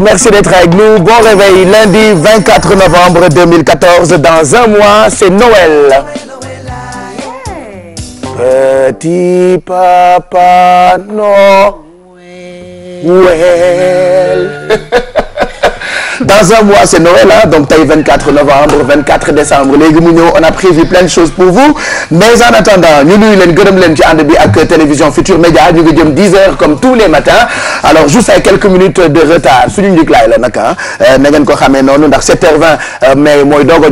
bonjour, merci d'être avec nous. Bon réveil, lundi novembre Dans un mois, c'est Noël. Petit papa Noël. dans un mois c'est novembre décembre léegi mu on a prévu plein de choses pour vous mais en attendant ñu nuyu leen ci ànd bi ak télévision Futur Média ñu heures comme tous les matins alors juste ay quelques minutes de retard suñu njëkkaay la nag ah na ngeen ko xamee euh, mais mooy doog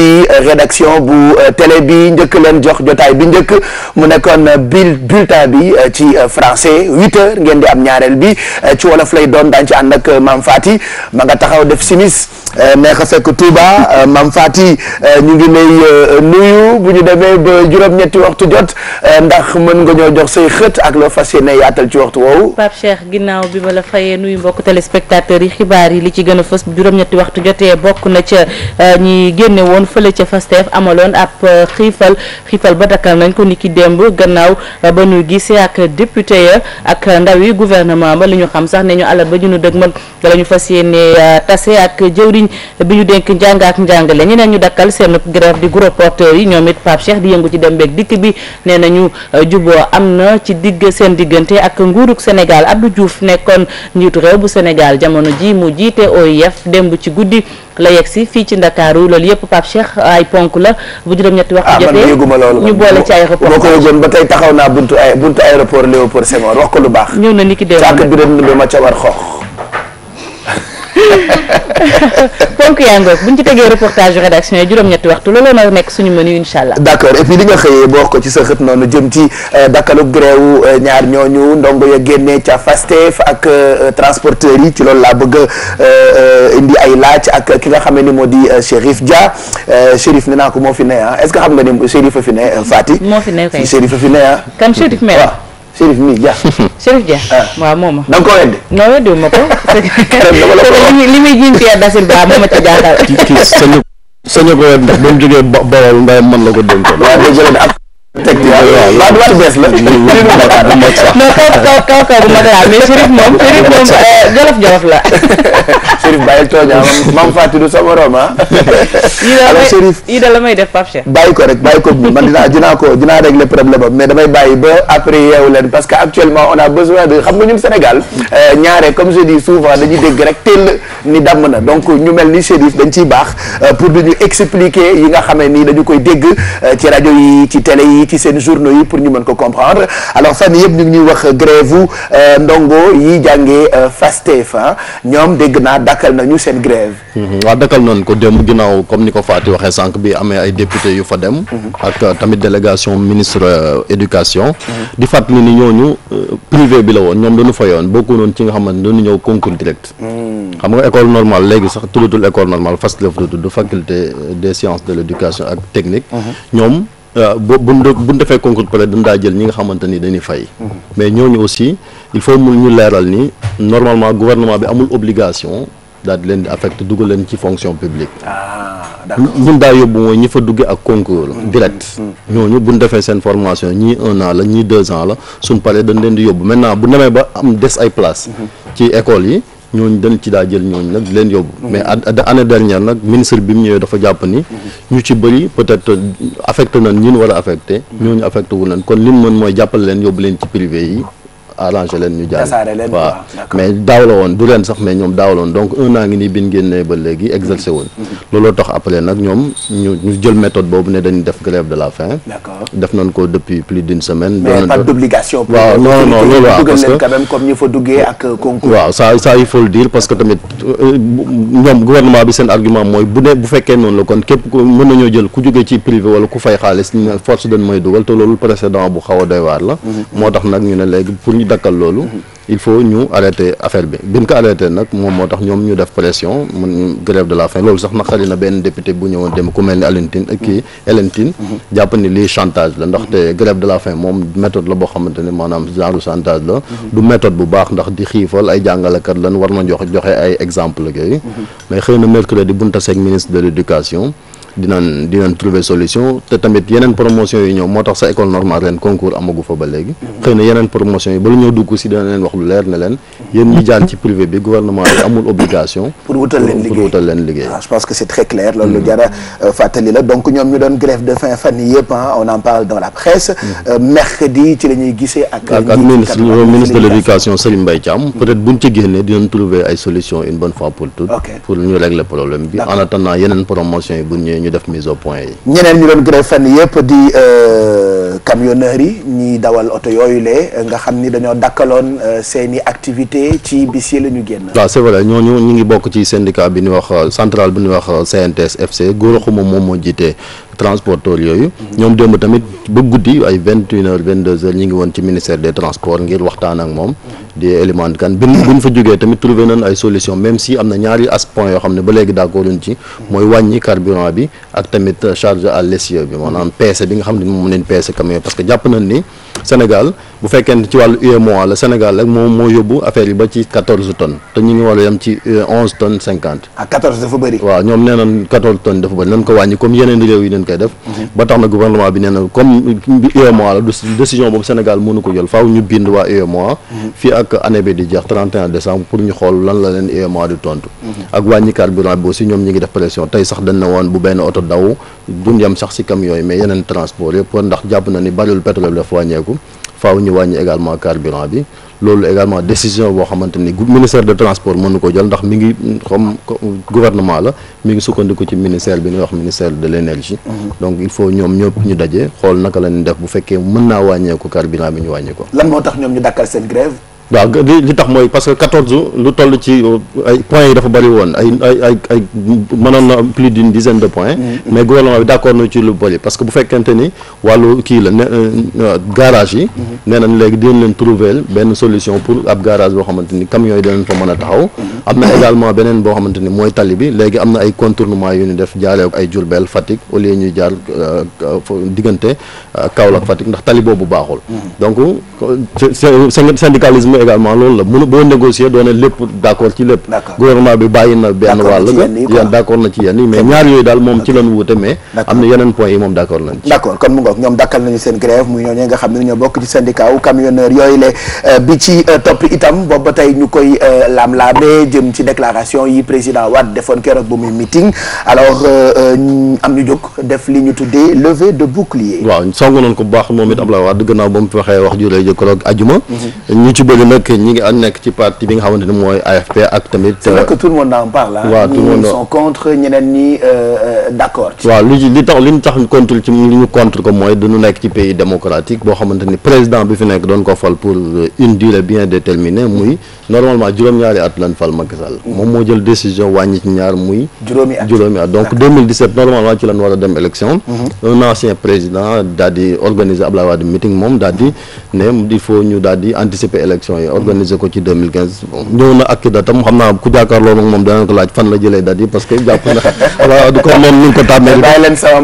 euh, rédaction bu télé bi njëkk bi njëkk mu nekkoon ci français huit ngeen di am ñaareel bi eh, ci wolof lay doon daan ci ànd ak eh, maam Fati ma nga taxaw def simis Euh, neex a fekk Touba euh, Mam Fati euh, ñu ngi lay nuyu bu ñu demee ba juróom-ñetti waxtu jot ndax mën nga ñoo jox say xët ak loo fas yéene yaatal ci waxtu woowu. Pape Cheikh ginnaaw bi ma la fayee nuyu mbokk téléspectateurs yi xibaar yi li ci gën a fës juróom-ñetti waxtu jotee bokk na ca ñi génne woon fële ca Fastef amaloon ab xiifal xiifal ba dakkal nañ ko niki démb gannaaw ba ñu gisee ak député ya ak ndaw yi gouvernement ba li ñu xam sax ne ñu alal ba ñu bi ñu dénk njàng ak njàngale ñeneen ñu dakkal seen grève di gros porteurs yi ñoom it Pape Cheikh di yëngu ci dem beek dikk bi nee nañu euh, juboo am na ci digg seen diggante ak nguurug Sénégal Abdou Diouf nekkoon njiitu réew bu Sénégal jamono jii mu jiite OIF démb ci guddi la yegg si fii ci Ndakaaru loolu yëpp Pape Cheikh ay ponk la bu juróom-ñetti waxtu ah, jotee ñu boole ci ay reportage naa buntu ay wax ko lu baax ñëw na ni ki démb càkk bi ma ca war ponk yaa ngoog bu ñu ci tegee reportage rédaction yi juróom-ñetti waxtu looloo nekk suñu menu incha allah. d' accord et puis li nga xëyee boo ko ci sa noonu jëm ci dakkalu euh, grève euh, ñaar ñooñu ndongo ya génne ca Fastef ak euh, transporteurs yi ci loolu laa bëgg indi ay laaj ak ki nga xam ne ni moo di Chérif Dia Chérif nee naa ko moo fi ne ah est ce que xam nga ni Chérif a fi ne Fatick. moo fi ne kay Chérif a fi ne ah. kan Chérif mel. Chérif mi Dia. Chérif Dia ah. waaw moom ma. da nga koo weddi. non weddi ma ko. li muy ji Pierre Da Silva moom a ca jaaxal. kii sañ a ko wedd ndax ba mu jógee Bawol ndeyam man la ko dénkoon. waaw day jëlee ab teg ci waaw waaw waaw bees la. non kaw kaw kaw bu mag laa mais Chérif moom Chérif moom euh, jolof jolof la. Chérif bàyyi tooñaa ah, mam Fatou du sama morom ah. alors Chérif yii da la may def Pape Cheikh. bàyyi ko rek bàyyi ko man dinaa dinaa ko dinaa régler problème am mais damay bàyyi ba après yeewu leen parce que actuellement on a besoin de xam nga ñun Sénégal euh, ñaare comme je dis souvent dañuy dégg rek teel ni damm na donc ñu mel ni Chérif dañ ciy baax euh, pour duñu expliquer yi nga xam ne nii dañu koy dégg ci rajo yi ci télé yi. ci seen journaux yi pour ñu mën ko comprendre alors fan yëpp ñu ngi ñuy wax grève u euh, ndongo yi jàngee FASTEF euh, ah. ñoom dégg naa dakkal nañu seen grève mhm. waaw dakkal noonu ko dem ginnaaw comme ni ko Fatou waxee sànq bi amee ay député yu fa dem mhm. ak euh, tamit délégation ministre éducation mhm. di fàttali ni ñooñu privé bi la woon ñoom fa yoon bokku noonu ci nga xamante ne dañu ñëw concours direct hmm. xam nga école normale léegi sax tuddatul école normale FASTEF la tudd faculté des sciences de l'éducation ak technique ñoom Euh, bu bu defee concours peut être dañ daa jël ñi nga xamante ni dañuy fay. Mhm. mais ñu aussi il faut mun ñu leeral ni normalement gouvernement bi amul obligation daal di leen di affecté dugal leen ci fonction publique. Ah, ñun daa yóbbu mooy ñi fa duggee ak concours. Mhm. direct mhm. ñu bu ñu defee seen formation ñii un an la ñii deux ans la suñ paree dañ leen di yóbbu maintenant bu nemee ba am des ay place ci école yi. ñooñu dem ci daa jël ñooñu nag leen yóbbu. Mhm. mais année dernière nag ministre bi mu ñëwee dafa jàpp ni. Mhm. ñu ci bëri peut-être affecté nañ ñun war a affecté. Mhm. ñooñu affecté wu nañ kon li mu mën mooy jàppale leen yóbbu leen ci privé yi. arrangé leen ñu waaw mais daaw la woon du leen sax mais ñoom daaw la woon donc un an ngi nii bin génnee ba léegi exercé woon mm-hmm. mm-hmm. looloo tax après nag ñoom ñu de la faim def nañ ko depuis plus d'une semaine mais pas d'obligation waaw non non loolu waaw parce que quand même comme ñu fa duggee ak concours waaw euh, bi seen argument mooy bu fekkee noonu la kon képp ku mën nañoo jël ku jógee ci privé wala ku fay xaalis force dañ mooy dugal te loolu précédent bu xaw a doy waar la mm-hmm. moo tax nag ñu ne léegi pour dakkal loolu mhm. il faut ñu arrêter affaire bi bi ñu ko nag moom moo tax ñoom ñu def pression mun grève la faim loolu sax naqari na benn député bu ñëwoon dem ku mel ak kii mhm. Hélène Tine mhm. jàpp ni chantage la ndaxte grève de la fin moom méthode la boo xamante ne maanaam genre chantage la du méthode bu baax ndax di xiifal ay jàngalekat lan war na jox joxe ay exemple ak yooyu mais xëy na mercredi bunta seeg ministre de l'éducation dinan dinañ trouver solution te tamit yeneen promotion yi ñëw moo tax sa école normale ren concours amagu fa ba léegi. xëy na yeneen promotion yi ba ñëw dugg si dina leen wax lu leer ne leen. yéen ñi jaan ci privé bi gouvernement bi amul obligation. pour wutal leen liggéey pour wutal leen liggéey. Ah, je pense que c'est très clair loolu lu jar a euh, fàttali la donc ñoom ñu doon grève ah, mm. euh, ci la ñuy ak. ak ministre ministre de l'éducation Serigne Mbaye Thiam. Mm. peut-être buñ ci génnee dinañ trouver ñu def mise au point yi. ñeneen ñu doon grève fan yëpp di euh, camionneurs yi ñiy dawal oto yooyu le nga xam ni dañoo dakkaloon euh, seen i activité ci bis yi la ñu génn. waaw c'est vrai ñooñu ñu ngi bokk ci syndicat bi ñuy wax euh, central bi ñuy wax CNTS FC Gora Xuma moom moo jiite. transporteurs yooyu ñoom démb tamit ba guddi ay vingt une heures vingt deux heures ñu ngi woon ci ministère des transports ngir waxtaan ak moom di élément kan bi buñ fa jógee tamit trouvé nañ ay solution même si am na ñaari as yoo xam ne ba léegi d'accord luñ ci mooy wàññi carburant bi ak tamit charge à l'essieu bi maanaam peese bi nga xam ne moom leen peese camion parce que jàpp nañ ni Sénégal bu fekkente ci wàllu UEMOA la Sénégal rek moom moo a yem ci euh, onze tonnes cinquante. ah quatorze dafa bëri. waaw ñoom koy def mhm. ba tax na gouvernement bi nee na comme UEMOA la décision boobu Sénégal mënu ko jël faaw ñu bind waa UEMOA mhm. fii ak année bi di jeex 31 décembre pour ñu xool lan la leen UEMOA di tontu mhm. ak wàññi carburant bi aussi ñoom ñi ngi def pression tey sax dañ woon bu benn oto daw duñ sax si camion yooyu mais yeneen transport yëpp ndax jàpp na ni bariwul pétrole bi wàññeeku faaw ñu wàññi également carburant bi loolu également décision boo xamante ni ministère de transport mënu ko jël ndax mi ngi xam gouvernement la mi ngi sukkandiku ci ministère bi ñuy wax ministère de l' énergie. Mm-hmm. donc il faut ñoom ñëpp ñu daje xool naka la ñu def bu fekkee mën naa wàññeeku carburant bi ñu wàññi ko. lan moo tax ñoom ñu dàkkal seen grève waaw li li tax mooy parce que quatorze lu toll ci euh, ay points yi dafa bëri ay ay na plus d'une dizaine de points mm-hmm. mais gouvernement bi d'accord na ci lu bëri parce que bu fekkente ni wàllu kii la ne euh, euh, garage yi mm-hmm. nee nañ léegi dinañ leen trouver benn solution pour ab garage boo xamante ni camions yi dinañ fa mën a taxaw mm-hmm. am na également beneen boo xamante ni mooy tali bi léegi am na ay contournement yu ñu def jaaree ay Diourbel Fatick au lieu ñuy jaar diggante Kaolack Fatick ndax tali boobu baaxul également loolu la mën boo négocier doone lépp d' ci lépp gouvernement bi bàyyi na benn wàll nga yéen na ci yenn yi mais ñaar yooyu daal moom ci lañ wuute mais am na yeneen points yi moom d' accord nañ d' mu ngoog ñoom nga xam ne ñoo bokk ci syndicat wu yooyu le euh, bi ci euh, topp itam boobu ñu koy euh, laam-laamee jëm ci déclaration yi président Wade defoon keroog bu muy meeting alors am ñu jóg def li ñu tuddee levée de bouclier waaw song nag ñi ngi nekk ci parti bi nga xamante ni mooy AFP ak tamit. waaw euh, euh, li tax li ñu tax contre ci li ñu contre ko mooy dañu nekk ci pays démocratique boo xamante ni président bi fi nekk doon ko fal pour euh, une bien déterminée muy normalement juróom-ñaari at lañ fal Macky Sall. Mm. moom moo jël décision wàññi ci ñaar muy. juróomi at juróomi at donc 2017 normalement ci lañ war a dem élection. Mm-hmm. un ancien président daal di organiser Abdoulaye Wade meeting moom daal ne il faut ñu daal di anticiper élection. mooy organiser ko ci 2015 bon ñëw na ak ci datam xam naa ku jàkkaarloo nag moom danañ ko laaj fan la jëlee dat parce que jàpp na waaw du ko moom ni nga ko tàmmee. bàyyi leen sama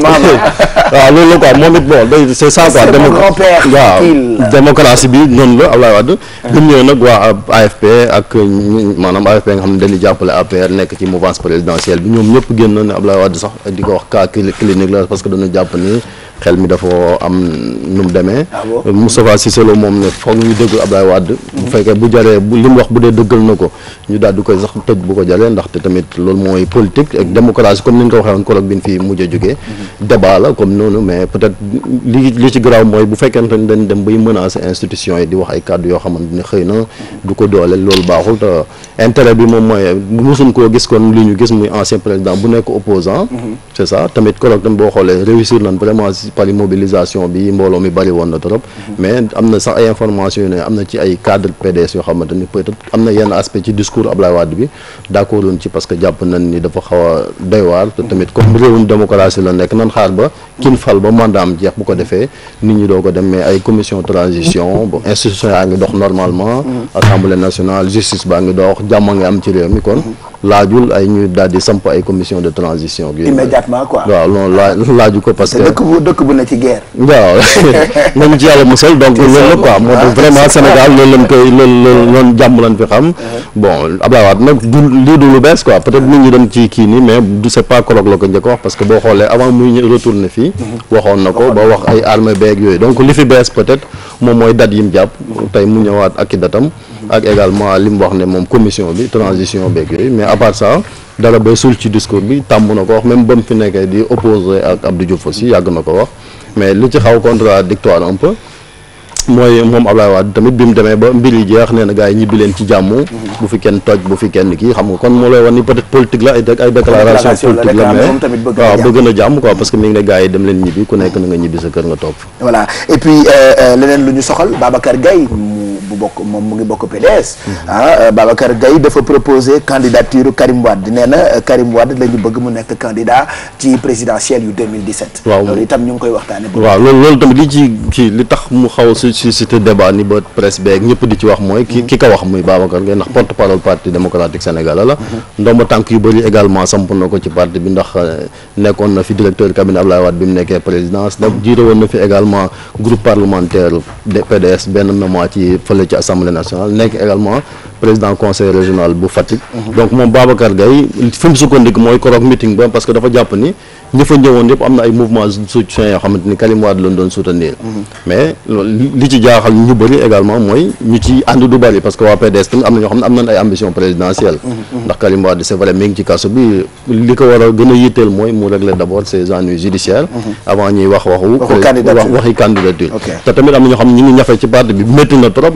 nag waa AFP ak maanaam AFP nga xam ne dañuy jàppale APR nekk ci mouvance présidentielle bi ñoom ñëpp génn ne Ablaye Wade sax di ko wax cas clinique la parce que dañu jàpp ni. xel mi dafa am nu demee ah euh, Moustapha Cissé Lo moom ne foog ñu déglu Abdoulaye Wade mm-hmm. bu fekkee bu jaree li mu wax bu dee dëggal na ko ñu daal di koy sax tëj bu ko jaree ndaxte tamit loolu mooy politique ak démocratie comme ni ñu ko waxee woon colloque bi ñu fi mujj a jógee mm-hmm. débat la comme noonu mais peut-être li ci garaaw mooy bu fekkente ni dañ dem bay menacer institution yi di wax ay kàddu yoo xamante ne xëy na du ko dooleel loolu baaxul te bi moom mooy mosuñ koo gis kon li ñu gis muy ancien président bu nekk opposant mm-hmm. c'est ça tamit colloque tam boo xoolee réussir nañ vraiment principal mobilisation bi mbooloo mi bari woon na trop. mais am na sax ay information yu ne am na ci ay cadre PDS yoo xamante ni peut am na yenn aspect ci discours Ablaye Wade bi d'accord ci parce que jàpp nañ ni dafa xaw a doy waar te tamit comme réewum démocratie la nekk nan xaar ba kin fal ba mandat jeex bu ko defee nit ñi doo ko dem mais ay commission transition bon institution yaa ngi dox normalement mm-hmm. assemblée nationale justice baa ngi dox dëkk bu ne ci guerre. waaw nañ ci yàlla musal donc loolu la quoi moo tax ah. vraiment Sénégal loolu lañ koy jàmm lañ fi xam uh-huh. bon Abdoulaye Wade nag du lii du lu bees quoi peut-être uh-huh. nit ñi dem ci kii nii mais du c'est pas colloque la ko njëkk wax parce que boo xoolee avant muy ñëw retourné fii uh-huh. waxoon na ko ba wax ay armée beeg yooyu donc li fi bees peut-être moom mooy date yi mu jàpp tey mu ñëwaat ak i datam ak également li mu wax ne moom commission bi transition beeg yooyu mais à dala bay suul ci discours bi tàmm na ko wax même ba mu fi nekkee di opposé ak Abdou Diouf aussi yàgg na ko wax mais li ci xaw contradictoire un peu mooy moom Ablaye Wade tamit bi mu demee ba mbir jeex nee na yi ñibbi leen ci jàmm. Mhm. bu fi kenn toj bu fi kenn kii xam nga kon moo lay wax ni peut la ay ay déclaration politique la mais waaw bëgg na jàmm quoi parce que mi ngi ne gars yi dem leen ñibbi ku nekk na nga ñibbi sa kër nga toog. bu bokk moom mu ngi bokk PDS. ah euh, Babacar dafa proposé candidature Karim Wade nee euh, Karim Wade la bëgg mu nekk candidat ci présidentielle yu waaw loolu tamit li ci kii li tax mu xaw a suscité débat ni ba presse beeg ñëpp di ci wax mooy. ki ki wax muy Babacar Gaye ndax porte parole parti démocratique sénégalais la. Mhm. ndomba tànk yu bëri également samp na ko ci parti bi ndax euh, nekkoon na fi directeur cabinet Abdoulaye Wade bi mu nekkee présidence. donc jiite fële ci assemblée nationale nekk également président conseil régional bu Fatick. donc moom Babacar Gaye fi mu sukkandiku mooy koroog meeting ba parce que dafa jàpp ni ñi ñëwoon yëpp am na ay mouvement soutien yoo xamante ni Karim Wade lañ doon soutenir. Mhm. mais li ci jaaxal ñu bëri également mooy ñu ci ànd du bëri parce que waa PDS tamit am na ñoo xam ne ñu ngi ñafe ci parti bi métti na trop.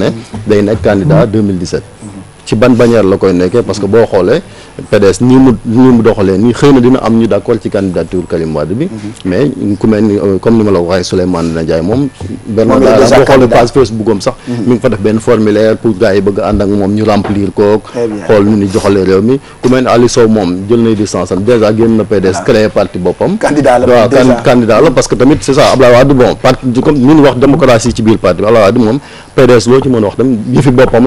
ne day nekk candidat 2017 ci ban bannière la koy nekkee parce que boo xoolee PDS nii mu nii mu doxalee nii xëy na dina am ñu d'accord ci candidature Karim Wade bi mhm. mais ku euh, comme ni ma la waxee Souleymane Ndiaye moom boo mhm. xool nu ni joxalee réew mi ku mel moom jël nay distance am déjà génn na PDS créé parti boppam waaw candidat la parce que tamit c'est ça Abdoulaye Wade bon parti comme ñu wax démocratie ci biir parti bi Abdoulaye Wade moom PDS loo ci mën wax tamit yëfi boppam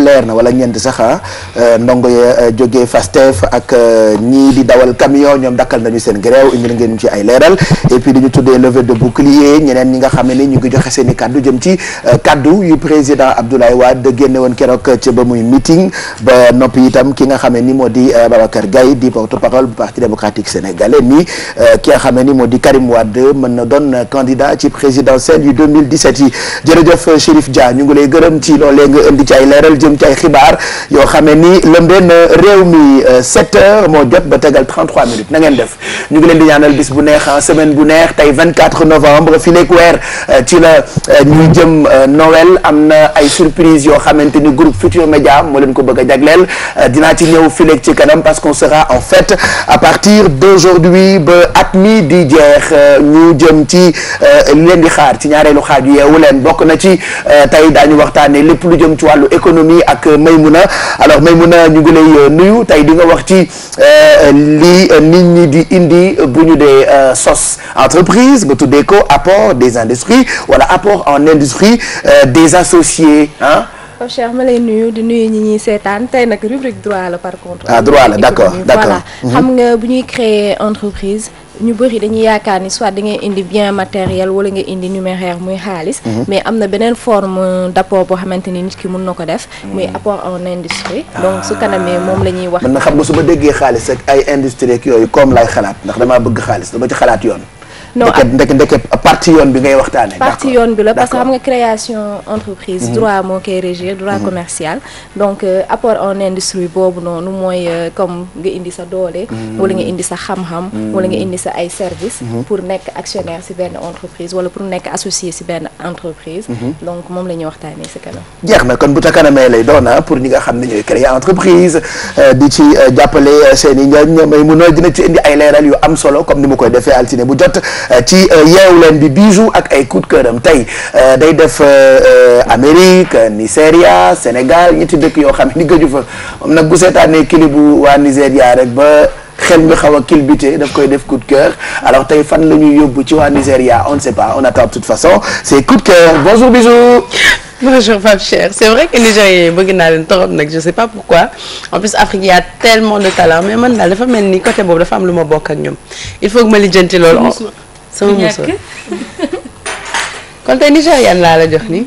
leer na wala ñeent sax ah, euh, ndongo ya euh, jógee Fastef ak euh, ñii di dawal camion ñoom dakkal nañu seen grève indil ngeen ci ay leeral et puis dañu tuddee levée de bouclier ñeneen ñi nga xam ne ñu ngi joxe seen i kaddu jëm ci kaddu yu président Abdoulaye Wade génne woon keroog ca ba muy meeting ba noppi itam ki nga xam ne ni moo di Babacar Gaye di porte parole bu parti démocratique sénégalais ni ki nga xam ne ni moo di Karim Wade mën na doon candidat ci présidentielle yu 2017 yi jërëjëf Chérif jëm ci ay xibaar yoo xam ne ni lëmbee na euh, réew mi 7 euh, heures moo jot ba tegal 33 minutes na ngeen def ñu ngi leen di ñaanal bis bu neex semaine bu neex tey 24 novembre fi leeg weer euh, ci la ñuy jëm Noël am na ay surprise yoo xamante ni groupe Futur Média moo leen ko bëgg a jagleel dinaa ci ñëw fi leeg ci kanam parce qu'on sera en fête à partir d'aujourd'hui ba at mi di jeex ñu jëm ci li leen di xaar ci ñaareelu xaaju yeewu leen bokk na ci tey daañu Ndiaye ak Maymouna alors Maymouna ñu ngi lay euh, nuyu tey nga wax ci euh, lii euh, nit ñi di indi bu ñu dee sos entreprise nga tuddee ko apport des industries wala apport en industrie des associés ah waaw Cheikh ma lay nuyu di nuyu ñi ñuy seetaan tey nag rubrique droit la par contre. ah droit la d'accord d'accord voilà mhm. ñu bëri dañuy yaakaar ni soit da ngay indi bien matériel wala nga indi numéraire muy xaalis. Mhm. mais am na beneen forme d' apport boo xamante ni nit ki mun na ko def. Mhm. muy apport en industrie. Ah. donc su kanamee moom la ñuy wax. man na xam nga su ma déggee xaalis ak ay industrie ak yooyu comme lay xalaat ndax damaa bëgg xaalis dama ci xalaat yoon. non ndeke ndeke parti yoon bi ngay waxtaan waxtaane parti yoon bi la parce que xam nga création entreprise mhm. droit moo koy régir droit mhm. commercial donc euh, apport en industrie boobu noonu mooy euh, comme nga indi sa doole mhm. wala nga indi sa xam-xam wala nga indi sa ay service pour nekk actionnaire si benn entreprise wala pour nekk associé si benn entreprise donc moom la ñuy waxtaanee si kanam jeex na kon bu ta kanamee lay doona ah, pour ñi nga xam ne ñooy créer entreprise euh, ci jàppale seen i a dina yu am solo comme ni mu koy defee altine bu jot Euh, ci euh, yeewu leen bi bijou ak ay coup de cœur am tey euh, day def Amérique Nigeria Sénégal ñetti dëkk yoo xam ni gëju fa moom nag bu seetaanee clip bu waa Nigeria rek ba xel mi xaw a kilbité koy def coup de cœur alors tey fan la ñuy yóbbu ci waa Nigeria on ne sait on attend de toute façon c'est coup de cœur bonjour bisou bonjour Pape Cheikh c'est vrai que Nigériens yi bëgg naa leen trop je sais pas pourquoi en plus Afrique y de talent mais man daal dafa mel ni côté boobu dafa am lu ma bokk ak ñoom il faut que ma lijjanti loolu sama mosoo kon tey nigérian laa la jox nii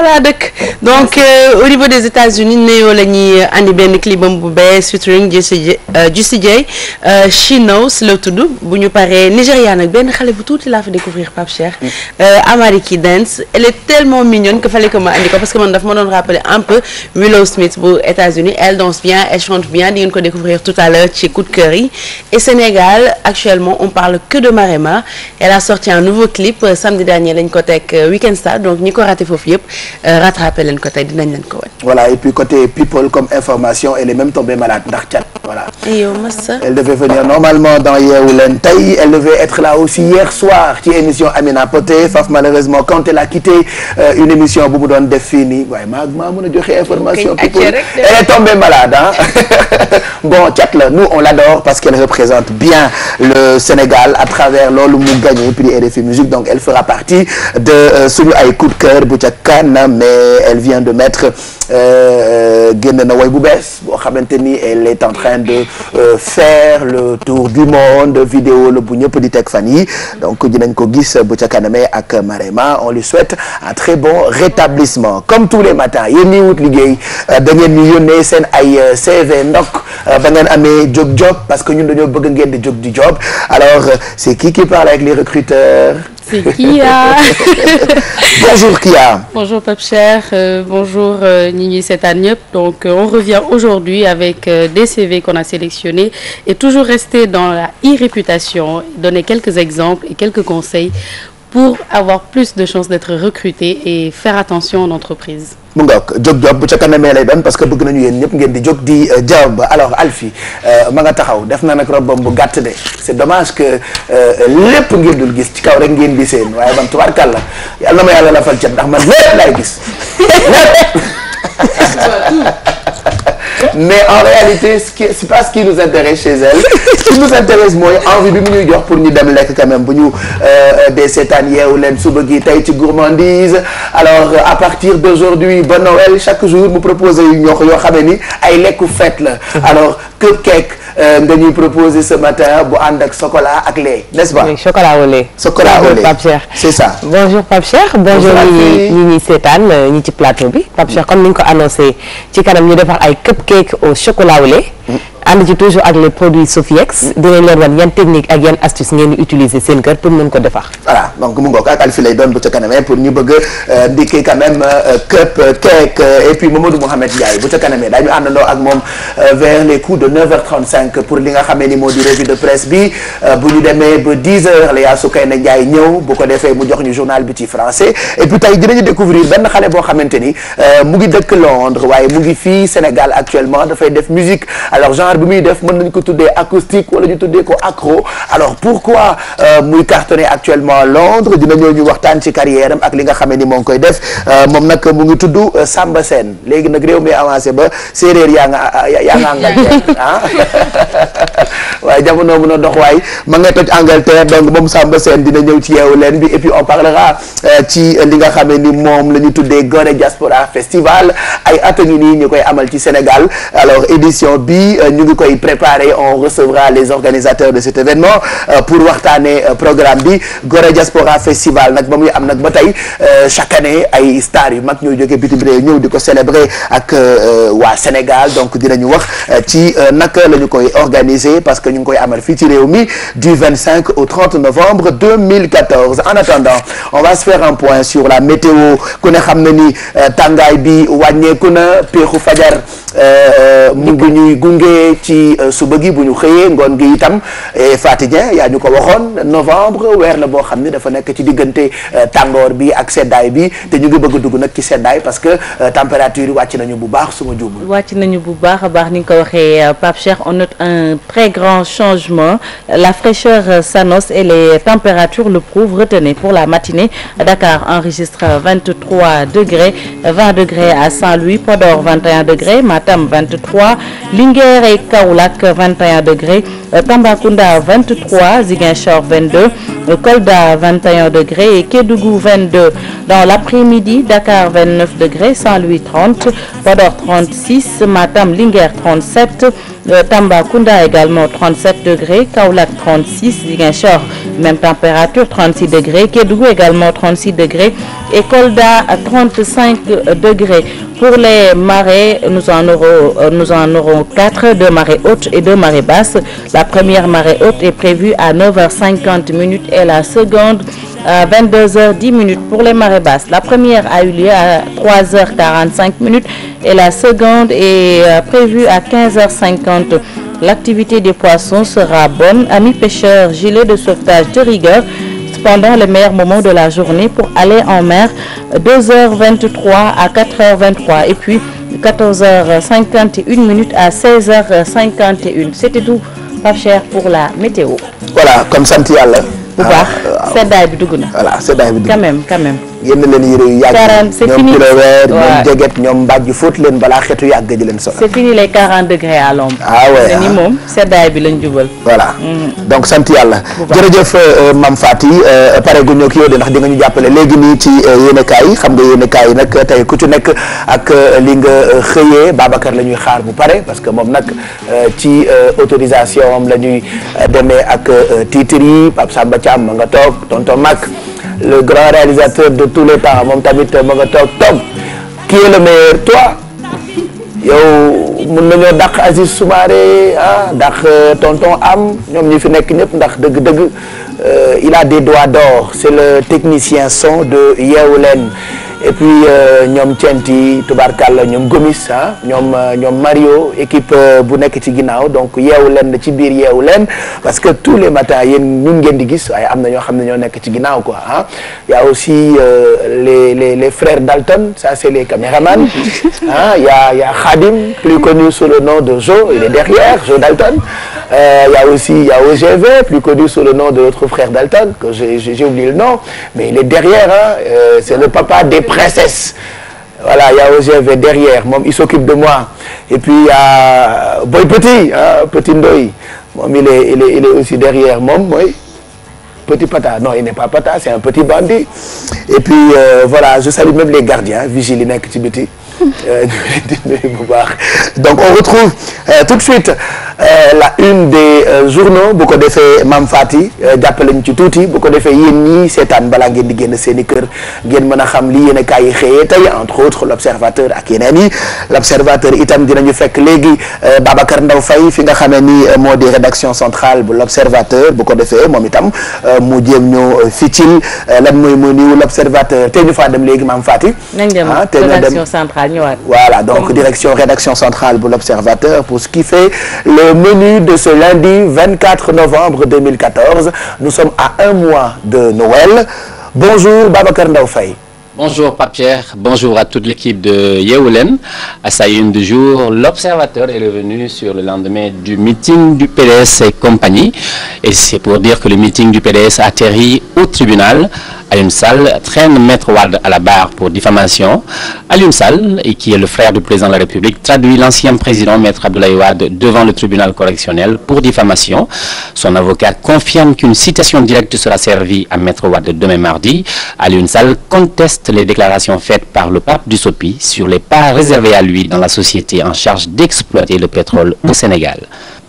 voilà dëkk donc euh, niveau des États-Unis néo la ñuy euh, andi benn clip bu bees featuring Juicy J euh, euh, She si la tudd bu ñu paree Nigéria nag benn xale bu tuuti la fa découvrir Pape Cheikh mm. Amariki Dance elle est tellement mignonne que fallait que ma andi ko parce que man daf ma doon rappeler un peu Willow Smith bu États-Unis elle danse bien elle chante bien di ngeen ko découvrir tout à l'heure ci de yi et Sénégal actuellement on parle que de Marema elle a sorti un nouveau clip samedi dernier lañ ko teg Weekend Star donc ñi ko raté foofu yëpp Euh, rattrapé leen ko tey dinañ leen ko wan. voilà et puis côté people comme information elle est même tombée malade ndax cat elle devait venir normalement dans Yeewu Leen elle devait être là aussi hier soir ci émission Amina Poté sauf malheureusement quand elle a quitté euh, une émission bu mu doon def fii nii waaye maa maa mën a joxe information. people elle est tombée malade ah. bon cat la nous on l'adore parce qu'elle représente bien le Sénégal à travers loolu gagné prix RFI elle fera partie de euh, suñu ay coup de cœur génn na mais elle vient de mettre euh, euh, génn na way bu bees boo xamante ni elle est en train de euh, faire le tour du monde vidéo la bu ñëpp di teg fan yi donc dinañ ko gis bu ca kaname ak Marema on lui souhaite un très bon rétablissement comme tous les matins yéen ñiy wut liggéey da ngeen ñu yónnee seen ay CV ndok ba ngeen amee jóg job parce que ñun dañoo bëgg ngeen di jóg di job alors c'est qui qui parle avec les recruteurs c'est Kia. bonjour Kia. Bonjour Pape Cheikh, euh, bonjour ñi euh, ñuy seetaan ñëpp. Donc euh, on revient aujourd'hui avec euh, des CV qu'on a sélectionnés et toujours rester dans la e-réputation, donner quelques exemples et quelques conseils pour avoir plus de chances d'être recruté et faire attention en entreprise. mu nga jóg job bu ca kanamee lay doon parce que bëgg nañu yéen ñëpp ngeen di jóg di euh, jawab alors Alfi euh, ma nga taxaw def na nag robam bu gàtt de c'est dommage que euh, lépp ngeen dul gis ci kaw rek ngeen bi seen waaye man tubaarkàlla yàlla na ma yàlla la fal cat ndax ma lépp laay gis mais en réalité ce qui c'est pas ce qui nous intéresse chez elle ce qui nous intéresse mooy envie bi mu ñuy jox pour ñu dem lekk quand même bu ñu des euh, euh, seetaan yeewu leen suba gi tey ci gourmandise alors euh, à partir d'aujourd'hui ba Noël chaque jour mu proposé yu ñoo ko yoo xamee ni ay lekku fête la alors cupcake nga euh, ñuy proposer ce matin bu ànd ak chocolat ak lait n'est-ce pas. chocolat au lait. chocolat au lait Pape Cheikh. c'est ça bonjour Pape Cheikh. bonjour ñi ñuy seetaan ñi ci plateau bi. Pape Cheikh comme ni ñu ko annoncé ci kanam ñu defar ay cupcake au chocolat au lait. ànd ci toujours ak les produits Sofiex dinañ leen wan yan technique ak yan astuce ngeen di utiliser seen kër pour ko defar. voilà donc mu ngoog ak Alphie lay doon ca kanamee pour ñu bëgg a euh, ndikki quand même këpp euh, euh, keek et puis ak moom vers les coups de 9h35 pour li nga xamee ni moo di revue de presse bi bu ñu demee ba 10h la yaa Soukeyna Ndiaye ñëw bu ko defee mu jox ñu journal bi ci français et puis tey dinañu découvrir benn xale boo xamante ni mu ngi dëkk Londres waaye mu ngi fii Sénégal actuellement dafay def musique alors bi muy def mën nañ ko tuddee acoustique wala ñu tuddee ko accro alors pourquoi euh, muy cartonné actuellement Londres dina ñëw ñu waxtaan ci carrière ak li nga xamee ni moo ngi koy def euh, moom nag mu ngi tudd euh, Samba Sène léegi nag réew mi avancé ba séeréer yaa nga yaa nga Angleterre ah jamono mën a dox waay ma nga toj Angleterre donc moom Samba Sène dina ñëw ci yeewu leen bi et puis on parlera ci li nga xamee ni moom la ñu tuddee Gorée Diaspora Festival ay at a nii ñu koy amal ci Sénégal alors édition bi ñu ngi koy préparer on recevra les organisateurs de cet événement euh, pour waxtaanee euh, programme bi Gorée Diaspora Festival nag ba muy am nag ba tey euh, chaque année ay stars yu mag ñoo jógee bitim réew ñëw di ko célébrer ak waa Sénégal donc dinañu wax ci naka la koy organiser parce que ñu ngi koy amal fii ci réew mi du 25 au 30 novembre 2014 en attendant on va se faire un point sur la météo ku ne xam na ni tàngaay bi wàññeeku na peexu fajar Euh, mu ngi ñuy gunge ci euh, suba gi bu ñu xëyee ngoon gi itam euh, Fatidien yaa ñu ko waxoon novembre weer la boo xam ne dafa nekk ci diggante tàngoor bi ak seddaay bi te ñu ngi bëgg dugg nag ci seddaay parce que température yi wàcc nañu bu baax su ma juumul. wàcc nañu bu baax a baax ni nga ko waxee Pape Cheikh on note un très grand changement la fraîcheur s'annonce et le température le prouvent retenez pour la matinée Dakar enregistre 23 degrés 20 degrés à Saint-Louis Podor 21 degrés. Matam 23 Linguère et Kaolack 21 degrés euh, Tambacounda 23 Ziguinchor 22 euh, Kolda 21 degrés et Kédougou 22 dans l'après-midi Dakar 29 degrés Saint-Louis 30 Podor 36 Matam Linguère 37 Euh, Tambacounda également 37 degrés, Kaolack 36, Ziguinchor même température 36 degrés, Kédougou également 36 degrés et Kolda à 35 degrés. Pour les marées, nous en aurons euh, nous en aurons 4, deux marées hautes et deux marées basses. à 9h50 minutes et la seconde 22h10 pour les marées basses. La première a eu lieu à 3h45 et la seconde est euh, des poissons sera bonne. Amis pêcheurs, gilets de sauvetage de de la journée pour en mer, 2h23 à 4h23 et puis 14h51 à 16h51. C'était tout, pas cher pour la météo. Voilà, comme bu baax ah, ah, seddaay bi dugg na. voilà bi dugg quand yéen leen yére yu yàgg. ñoom piloweer ñoom jeget ñoom mbàjj fóot leen balaa xetu yàgg di leen sonal. c'est fini les 40 degrés à l'ombre. Ah, ah moom seddaay bi lañ jubal. voilà mm. donc sant yàlla. jërëjëf euh, euh, Mame yi euh, pare gu ñëw ki yow ndax di ñu jàppale léegi nii ci yéenekaay yi xam nga kaay yi nag tey ku ci nekk ak li nga xëyee Babacar la ñuy xaar bu pare parce que moom nag ci autorisation am la ñuy demee ak titre yi Pape Samba Thiam ma nga toog tonton Mac. le grand réalisateur de tous les temps moom tamit ma nga toog toog qui est le meilleur toi yow mun nañoo dàq Aziz Soumaré ah dàq euh, tonton am ñoom ñi fi nekk ñëpp ndax dëgg-dëgg euh, il a des doigts d'or c'est le technicien son de Yeewu Leen et puis euh, ñoom Tienti tubaarkàlla ñoom Gomis ah ñoom euh, ñoom Mario équipe euh, bu nekk ci ginnaaw donc yeewu leen ci biir yeewu leen parce que tous les matins yéen ñun ngeen di gis waaye am na ñoo xam ne ñoo nekk ci ginnaaw ko ah y aussi les les les frères Dalton ça c'est les caméramans ah ya a a Khadim plus connu sous le nom de Jo il derrière Jo Dalton Euh, il y a aussi il y a OGV plus connu sous le nom de notre frère Dalton que j'ai oublié le nom mais il est derrière hein euh, c'est le papa des princesses voilà il y a OGV derrière moom il s'occupe de moi et puis il y a Boy Petit ah Petit Ndoy moom il est il est il est aussi derrière moom mooy Petit Pata non il n'est pas Pata c'est un petit bandit et puis euh, voilà je salue même les gardiens vigiles yi nekk ci biti. Euh, donc on retrouve euh, tout de suite euh, la une des euh, journaux bu ko defee Mam Fati euh, jàppale ñu ci tuuti bu ko defee yéen ñii seetaan balaa ngeen di génn seen i kër ngeen mën a xam li yéen a kaay yi xëyee tey entre autres l'observateur ak yeneen yi l'observateur itam ñu fekk léegi euh, Babacar Ndaw Faye fi nga xamee ni moo di rédaction centrale bu l'observateur bu ko defee moom itam mu jéem ñoo fitil lan mooy mu niw l'observateur te ñu faa dem léegi Mam Fati. nañ dem ah, ñëwaat voilà donc direction rédaction centrale bu l'Observateur pour ce qui fait le menu de ce lundi 24 novembre 2014 de Noël bonjour Babacar Ndaw Faye Bonjour Pape Pierre, bonjour à toute l'équipe de Yeewu Leen. À sa une du jour, l'Observateur est revenu sur le lendemain du meeting du PDS et compagnie. Et c'est pour dire que le meeting du PDS atterrit au tribunal. Alioune traîne Maître à la barre pour diffamation. Alioune et qui est le frère du président de la République, traduit l'ancien président Maître Abdoulaye Wade devant le tribunal correctionnel pour diffamation. Son avocat confirme qu'une citation directe les déclarations faites par le pape du SOPI sur les parts réservées à lui dans la société en charge d'exploiter le pétrole au Sénégal.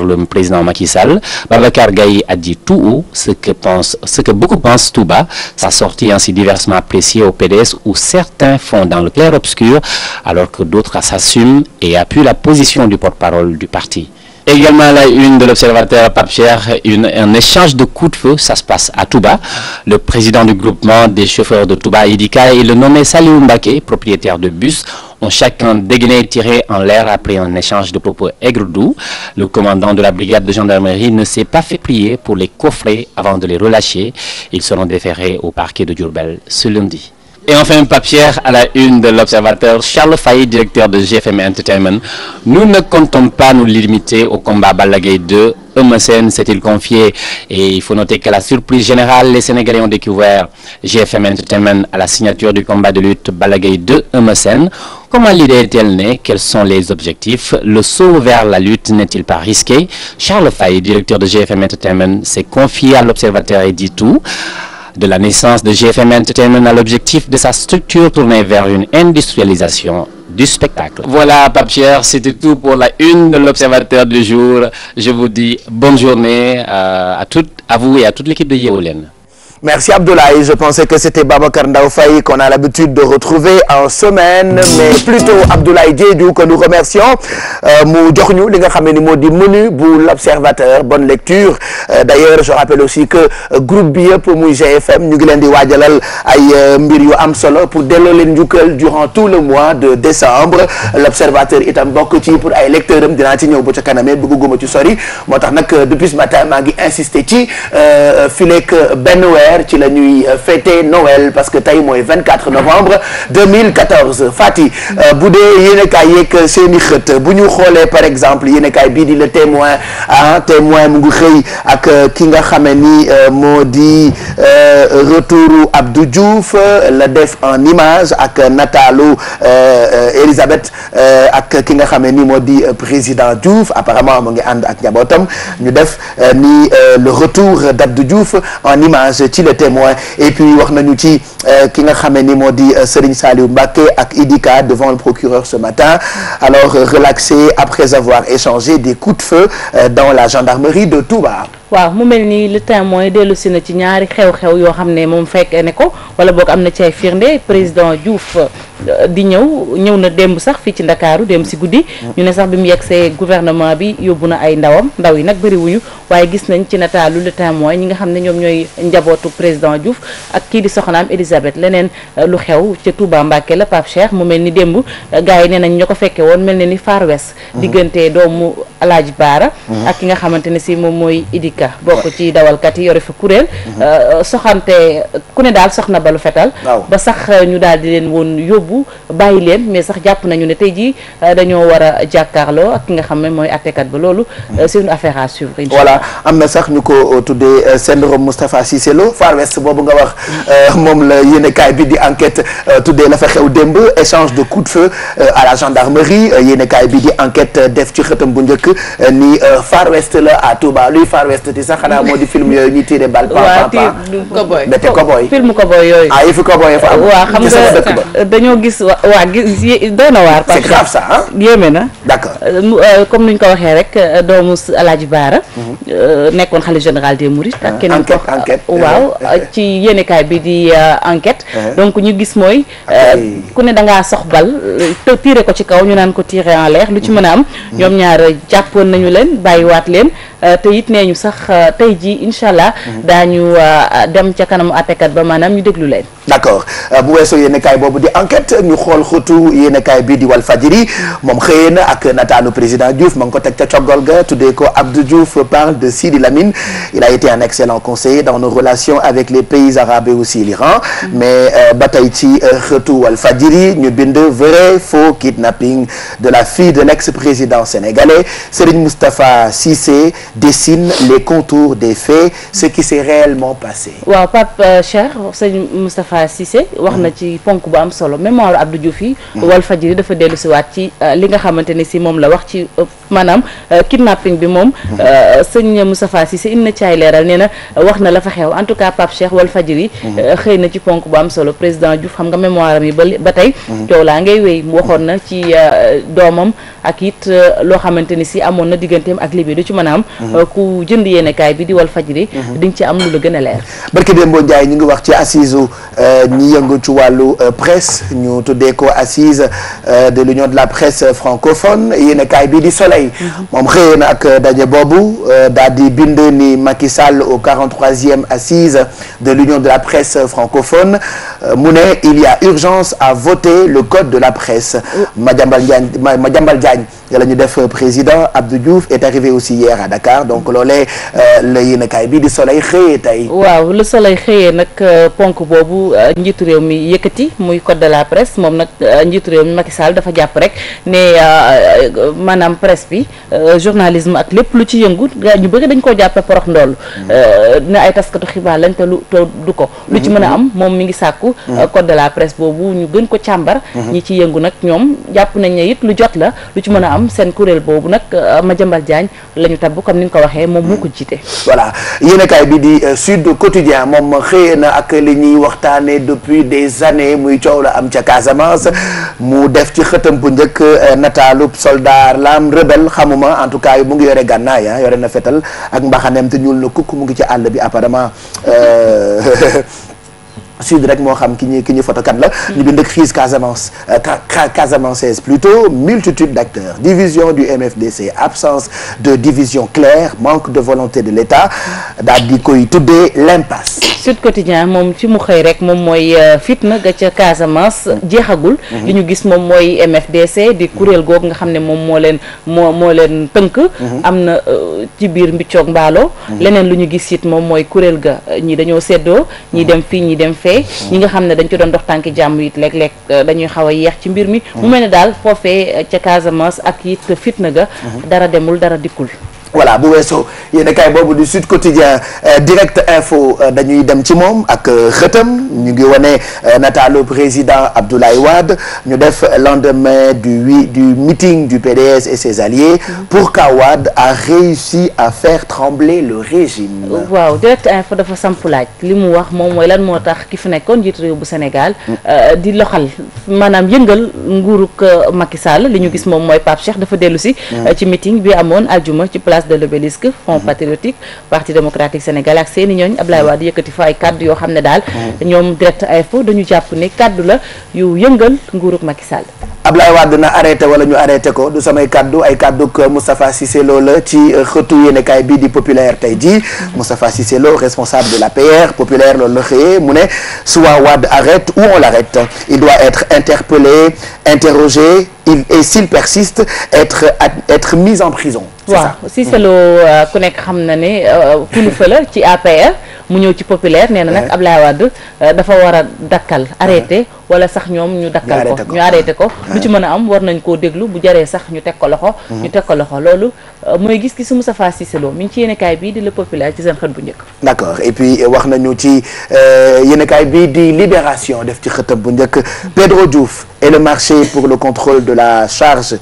par le président Macky Sall. Babacar Gaye a dit tout haut ce que pense, ce que beaucoup pensent tout bas. Sa sortie est ainsi diversement appréciée au PDS où certains font dans le clair-obscur alors que d'autres s'assument et appuient la position du porte-parole du parti. Également la une de l'Observateur Pape Cheikh, une un échange de coups de feu, ça se passe à Touba. Le président du groupement des chauffeurs de Touba, Idika, et le nommé Saliou Mbacké, propriétaire de bus, ont chacun dégainé et tiré en l'air après un échange de propos aigre-doux. Le commandant de la brigade de gendarmerie ne s'est pas fait prier pour les coffrer avant de les relâcher. Ils seront déférés au parquet de Diourbel ce lundi. Et enfin, Papier à la une de l'Observateur, Charles Faye, directeur de GFM Entertainment. Nous ne comptons pas nous limiter au combat Balaguer 2. Emerson s'est-il confié et il faut noter qu'à la surprise générale, les Sénégalais ont découvert GFM Entertainment à la signature du combat de lutte Balaguer 2 Emerson. Comment l'idée est-elle née? Quels sont les objectifs? Le saut vers la lutte n'est-il pas risqué? Charles Faye, directeur de GFM Entertainment, s'est confié à l'Observateur et dit tout. de la naissance de GFM Entertainment à l'objectif de sa structure tournée vers une industrialisation du spectacle. Voilà, Pape Pierre, c'était tout pour la une de l'Observateur du jour. Je vous dis bonne journée à, euh, à, toutes, à vous et à toute l'équipe de Yeewu Leen. Merci Abdoulaye. Je pensais que c'était Babacar Ndao Faye qu'on a l'habitude de retrouver en semaine mais plutôt Abdoulaye Diédhiou que nous remercions euh, mu jox ñu li nga xam ne moo di menu bu l'Observateur bonne lecture euh, d'ailleurs je rappelle aussi que euh, groupe bi yëpp muy GFM ñu ngi leen di waajalal ay mbir yu am solo pour delle leen njukkal durant tout le mois de décembre l'Observateur itam bokk ci pour ay lecteurs am dinaa ci ñëw ba ca kaname bëgguma ci sori moo tax nag depuis ce matin maa ngi insister ci fileeg benn Père ci la ñuy euh, fêter Noël parce que tey mooy 24 novembre 2014 Fati euh, bu dee yéenekaay yeeg euh, i xët bu ñu xoolee par exemple yéenekaay bii di le témoin ah témoin mu ngi xëy ak ki nga xamee ni moo di retouru Abdou Diouf la def en image ak nataalu Elisabeth ak ki nga xamee ni moo di président Diouf apparemment mu ngi ànd ak njabootam ñu def ni le retour d'Abdou Diouf en image ci le témoin et puis wax nañu ci euh, ki nga xamee ni moo di euh, Serigne Saliou ak Idika devant le procureur ce matin alors euh, relaxé après avoir échangé des coups de feu dans la gendarmerie de Touba. waaw mu mel nii le témoin dellu si na ci ñaari xew-xew yoo xam ne moom fekk ne ko wala boog am na ci firnde président Diouf. di ñëw ñëw na démb sax fii ci ndakaaru démb si guddi mm. ñu ne sax bi mu see gouvernement bi yóbbu na ay ndawam ndaw yi nag bëriwuñu waaye gis nañ ci lu le témoin ñi nga xam ne ñoom ñooy njabootu président Diouf ak kii di soxnaam Elisabeth leneen euh, lu xew ca Touba Mbacke la Pape Cheikh mu mel ni démb euh, gars yi ne nañ ñoo ko fekkee woon mel ne ni Far West mm-hmm. diggante doomu Alaaji Baara mm-hmm. ak ki nga xamante ne si moom mooy Idika bokk ci dawalkat yi yore fa kuréel mm-hmm. euh, soxante ku daal sax ñu daal di boobu bàyyi leen mais sax jàpp nañu ne tey jii euh, dañoo war a jàkkaarloo ak ki nga xam ne mooy attekat ba loolu euh, c'est une affaire à suivre voilà am na sax ñu ko euh, tuddee syndrome Moustapha Cissé Lo Far West boobu nga wax mm. moom la yéenekaay bi di enquête tuddee la fa xew démb échange de coup de feu à la gendarmerie yéenekaay bi di enquête def ci xëtam bu njëkk ni Far West la à Touba luy Far West ti sax xanaa moo di film yooyu ñuy tiire bal pa pa pa ko boy fa am waaw gis waa gis doy na waar. c'est grave ça ah yéeme na. d'accord Euh, comme ni ñu ko waxee rek euh, doomu Alaaji Baara mhm. euh, nekkoon xalif général des Mourides ak ah, keneen ko waaw ci yéenekaay bi di enquête uh-huh. donc ñu gis mooy ku ne dangaa sox bal te tiire ko ci kaw ñu naan ko tiire en l'air lu ci mën a am mhm. ñoom ñaar jàppoon nañu leen bàyyiwaat leen te it nee ñu sax tey jii incha allah mhm. daañu dem ca kanamu àttekat ba maanaam ñu déglu leen d'accord bu weesoo yéenekaay boobu di enquête ñu xool xutu yéenekaay bi di Walfadjri moom xëyee na ak nataalu président Diouf ma ngi ko teg ca coggol ga parle de Sidi Lamine il a été un excellent conseiller dans nos relations avec les pays arabes et aussi l'Iran mm. mais euh, ba tey ci euh, xëtu Walfadjri ñu bind vrai faux kidnapping de la fille de l'ex-président sénégalais Serigne Moustapha Cissé dessine les contours des faits ce qui s'est réellement passé waaw Pape euh, Cheikh Serigne Moustapha Cissé wax na mm. ci ponk bu am solo mémoire Abdou Diouf yi mm. Walfadjri dafa dellu si moom la wax ci euh, maanaam euh, kidnapping bi moom mhm. euh, sëñ Moustapha Cissé indi na caay leeral nee na wax na la fa xew en tout cas Pape Cheikh Walfadjri mhm. xëy na ci ponk bu am solo président Diouf xam nga mémoire am yi ba ba tey mhm. coow laa ngay wéy waxoon na ci doomam ak it loo xamante ni si amoon na digganteem ak Libye du ci mën a am ku jënd yéenekaay bi di Walfadjri di nga ci am lu la gën a leer barke Dembo Ndiaye ñu ngi wax ci assise ñu yëngu ci wàllu presse ñu tuddee ko assise yéenekaay bi di Soleil mhm. moom xëyee na ak euh, daje boobu euh, daal di bind ni Macky Sall au 43e assise de l'Union de la presse francophone euh, mu ne il y a urgence à voter le code de la presse Madiambal Diagne Madiambal Diagne la ñu def euh, président Abdou Diouf est arrivé aussi hier à Dakar donc loolee euh, la yéen a kaay bii di soleil xëyee tey. waaw le soleil xëyee nag euh, ponk boobu njiitu réew mi yëkkati muy code de la presse moom nag njiitu réew mi Macky Sall dafa jàpp rek ne maanaam press bi journalisme ak lépp lu ci yëngu ñu bëri dañ koo jàppe porox ndoll ne ay taskatu xibaar lañ te lu te du ko. lu ci mën a am moom mi ngi sàkku. Mm-hmm. code de la presse boobu ñu gën ko càmbar. Mm-hmm. ñi ci yëngu nag ñoom jàpp nañ ne lu ci mën a am. ñoom seen kuréel boobu nag euh, Madiambal Diagne la ñu tabb comme ni nga ko waxee moom moo ko hmm. jiite. voilà yéenekaay bi di euh, Sud Quotidien moom xëy na ak li ñuy waxtaanee depuis des années muy coow la am ca Casamance mu def ci xëtam bu njëkk euh, nataalub soldat lam rebelle xamuma en tout cas mu ngi yore gànnaay ah yore na fetal ak mbaxaneem te ñuul na kukk mu ngi ci àll bi apparemment. Sud rek moo xam ki ñu ki ñu photo kan la. Mm. ñu bind crise Casamance euh, casamançaise plutôt multitude d'acteurs moom ci mu xëy rek moom mooy euh, fitna ga ca Casamance mm. jeexagul. Mm-hmm. li ñu gis moom mooy MFDC di mm-hmm. kuréel googu nga xam ne moom moo leen moo moo leen tënk. Mm-hmm. am na euh, ci biir mbiccoog mbaalo leneen lu ñu gis it moom mooy kuréel ga ñi dañoo seddoo ñi dem fii ñi dem fee foofee ñi nga xam ne dañ ci doon dox tànki jàmm it léeg-léeg euh, dañuy xaw yeex ci mbir mi mu mel ne daal foofee euh, ca Casamance ak it fitna ga dara demul dara dikkul voilà bu weesoo yéen kaay boobu du Sud Quotidien euh, direct info euh, dañuy dem ci moom ak xëtam euh, ñu ngi wane nataalu président Abdoulaye Wade ñu def lendemain du huit du meeting du PDS et ses alliés mm-hmm. pourquoi Wade a réussi à faire trembler le régime. waaw direct info dafa samp li mu wax moom mooy lan moo tax ki fi nekkoon njiitu réew bu Sénégal mm. di loxal maanaam yëngal nguuruk Macky Sall li ñu gis moom mooy Pape Cheikh dafa dellu si. Mm. ci meeting bi amoon aljuma ci place. place de l'obélisque Front mhm. patriotique Parti démocratique sénégalais ak seeni ñooñ Ablaye Wade yëkkati fa ay kaddu yoo xam ne daal mhm. ñoom direct info dañu jàpp ne kaddu la yu yëngal nguurug Macky Sall Ablaye Wade na arrêté wala ñu arrêté ko du samay kaddu ay kaddu ak Moustapha Cissé Lo la ci euh, xëtu yéenekaay bii di populaire tey jii mm. Moustapha Cissé Lo responsable de l'APR populaire loolu la xëyee mu ne soit Wade arrête ou on l'arrête il doit être interpellé interrogé il et s'il persiste être être mis en prison. c'est ça waaw Cissé mm. Lo euh, ku nekk xam na ne euh, kilifa la ci APR. mu ñëw ci populaire nee na nag eh. Ablaye Wade eh, dafa war a dakkal arrêté eh. wala sax ñoom ñu dakkal ko ñu arrêté ko lu ci mën a am war nañ koo déglu bu jaree sax ñu teg ko loxo mm-hmm. ñu teg ko loxo loolu mooy gis-gisu Moustapha Cissé Lo mi ngi ci yéenekaay bii di le populaire ci seen xët bu njëkk d'accord et puis wax nañu ci yéenekaay bi di libération def ci xëtam bu njëkk Pedro Diouf et le marché pour le contrôle de la charge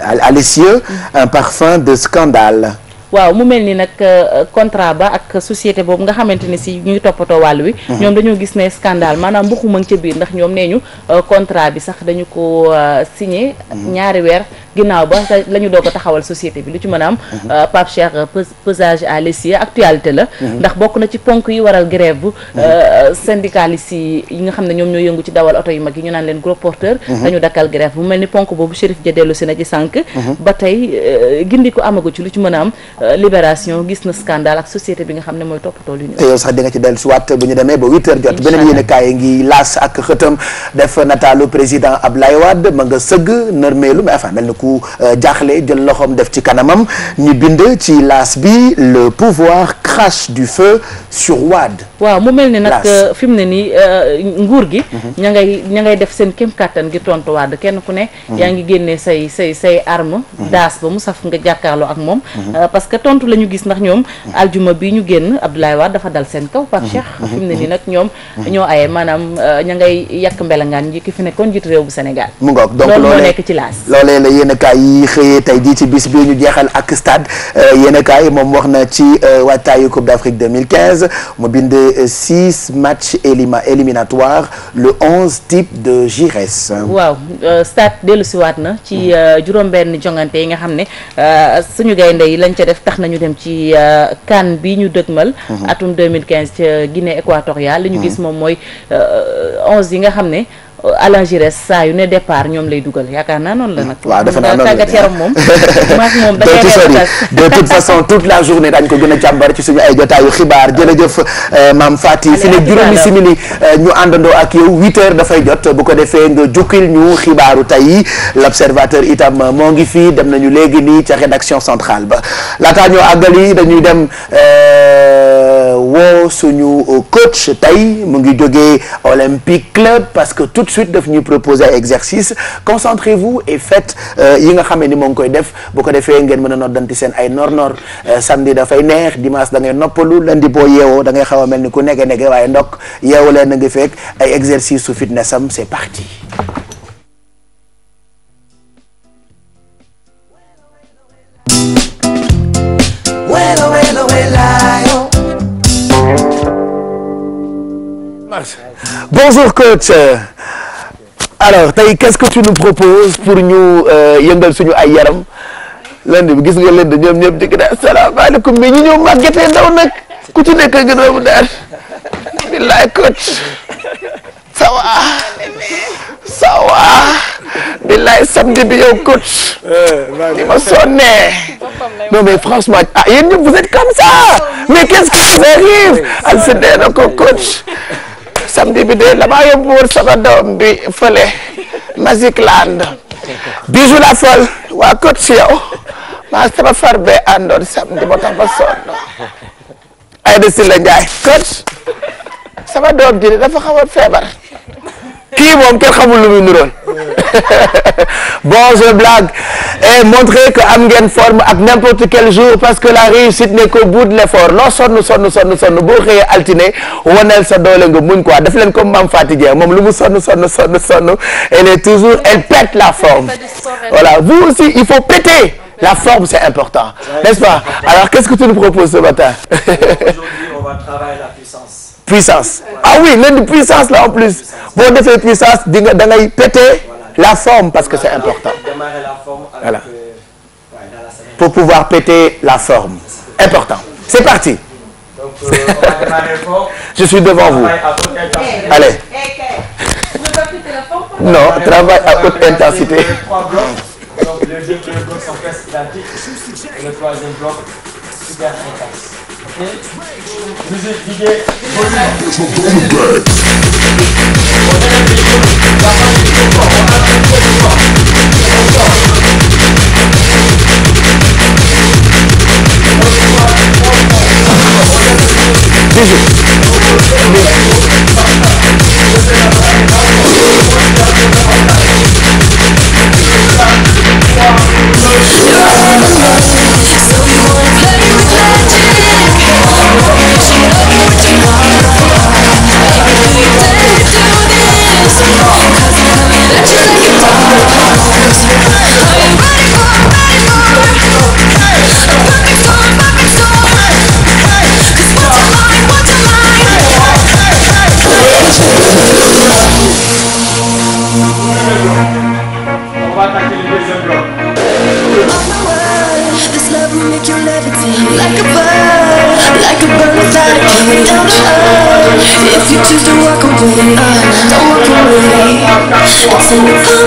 à l'essieu mm-hmm. un parfum de scandale waaw mu mel ni nag euh, contrat ba ak société boobu nga xamante ni si ñuy toppatoo wàll wi mhm. ñoom dañoo gis ne scandale maanaam mbuxu ma ca biir ndax ñoom nee ñu euh, contrat bi sax dañu ko euh, signé mhm. ñaari weer ginnaaw ba la ñu doog a taxawal société bi lu ci mën a am mhm. euh, Pape Cheikh euh, pesage à l'essier actualité la mhm. ndax bokk na ci ponk yi waral grève bu mhm. euh, syndicalistes yi yi nga xam ne ñoom ñoo yëngu ci dawal oto yu mag yi ñu naan leen gros porteur dañu dakkal grève bu mel ni ponk boobu Chérif ja dellu si na ci sànq ba tey gindi ko amagu ci lu ci mën a am libération gis na scandale ak société bi nga xam ne mooy toppatoo lu ñu te yow sax di ci dellu si waat bu ñu demee ku euh, jaaxle jël loxoom def ci kanamam ñu bind ci laas bi le pouvoir crache du feu sur Wade. waaw mu mel ni nag euh, fi mu ne nii euh, nguur gi. Mhm. ña ngay ña ngay def seen kéem kattan gi tontu Wade kenn ku ne. Mhm. yaa ngi génne say say say arme mhm. daas ba mu saf nga jàkkaarloo ak moom. parce que tontu la ñu gis ndax ñoom. aljuma bi ñu génn Abdoulaye Wade dafa dal seen kaw. Pape Cheikh fi mu ne nii nag ñoom. ñoo aye maanaam ña ngay yàq mbelangaan ñi ki fi nekkoon jiitu réew bu Sénégal. mu ngoog nekk yéenekaay yi xëyee tey jii ci bis bi ñu jeexal ak stade euh, yéenekaay moom wax na ci euh, waajtaayu Coupe d'Afrique 2015 mu bind euh, six matchs élima éliminatoires le onze type de Giresse. waaw stade dellusiwaat na ci mm. juróom-benn jongante yi nga xam ne suñu gaynde yi lañ ca def tax nañu dem ci CAN bi ñu dëgmal. Mm-hmm. atum 2015 ca Guinée équatoriale. li ñu mm-hmm. gis moom mooy onze yi nga xam ne. Euh, alagires saa yu ne départ ñoom lay dugal yaakaar naa noonu la nag. waaw defe naa noonu la tàggat yaram moom. maak moom da ngay de toute façon toute la journée dañ ko gën a càmbar ci suñu ay jotaayu xibaar jërëjëf euh, maam Fati fi juróomi simili euh, ñu àndandoo ak yow 8h dafay jot bu ko defee nga jukkil ñu xibaaru tey l'observateur itam moo ngi fii dem nañu léegi nii ca rédaction centrale ba laataa ñoo àggali dañuy dem woo suñu coach tey mu ngi jógee Olympique Club de suite daf ñuy proposer ay exercice concentrez-vous et faites euh, yi nga xamee ni moo ngi koy def bu ko defee ngeen mën a noddanti seen ay noor-noor euh, samedi dafay neex dimanche dangay ngay noppalu lundi boo yeewoo da ngay xaw a mel ni ku nege nege waaye ndok yeewu leen na nga fekk ay exercice su fitness am c'est parti. Bonjour coach. alors tey qu'est-ce que pour ñu euh, yëngal suñu ay yaram lundi bi gis nga leen ñoom ñëpp dikk daal salaamaaleykum mais ñu ñëw màggatee ndaw nag ku ci nekk nga doomu daal billaay coach sawa sawa billaay samedi bi yow coach ni ma sonnee non mais franchement ah yéen ñëpp vous êtes comme ça mais qu'est-ce qui al si dee na ko coach samedi bi de damaa yóbbu woon sama doom bi fële Magic Land bisu la fol waa Côte si yow maa sama far bee àndoon samedi moo tax ma sonn ay de si la Ndiaye Côte sama doom ji dafa xaw a feebar. kii moom kenn xamul lu muy nuroon bon je blague et montrer que am ngeen forme ak n'importe quel jour parce que la réussite n'est qu'au bout de l'effort loo sonn sonn sonn sonn boo xëyee altine waneel sa doole nga muñ quoi def leen comme Mame Faty Dieng moom lu mu sonn sonn sonn sonn elle est toujours elle pète la forme voilà vous aussi il faut péter la forme c'est important n'est-ce pas alors qu'est-ce que tu nous proposes ce matin puissance ah oui lundi puissance la en plus boo defee puissance di nga da ngay péter la forme parce que c'est important voilà pour pouvoir la forme important c'est parti je suis devant vous allez non travail à haute intensité donc super intense Müzik DJ Bölüm Müzik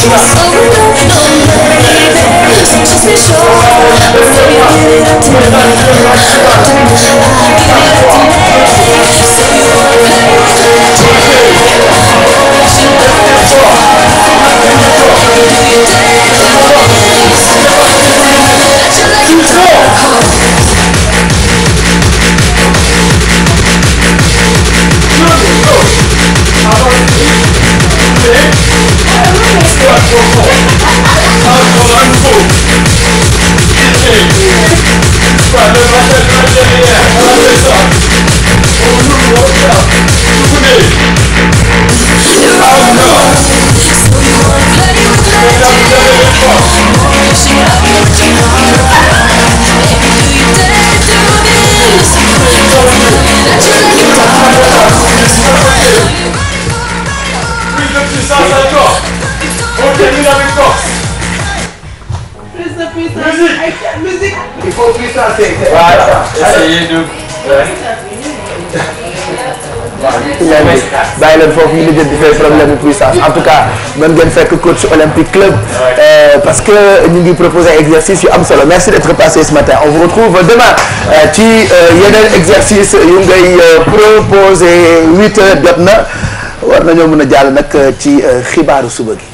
I'll give it up to me. foofu ñu lijjanti fay ou puissance en tout cas mën ngeen fekk coach olympique club euh, parce que ñu ngi proposer exercice yu am solo merci d'être passé ce matin on vous retrouve demain euh, ci euh, yeneen exercice yu ngay proposer huit heures jot na war nañoo mën a jàll nag ci xibaaru suba gi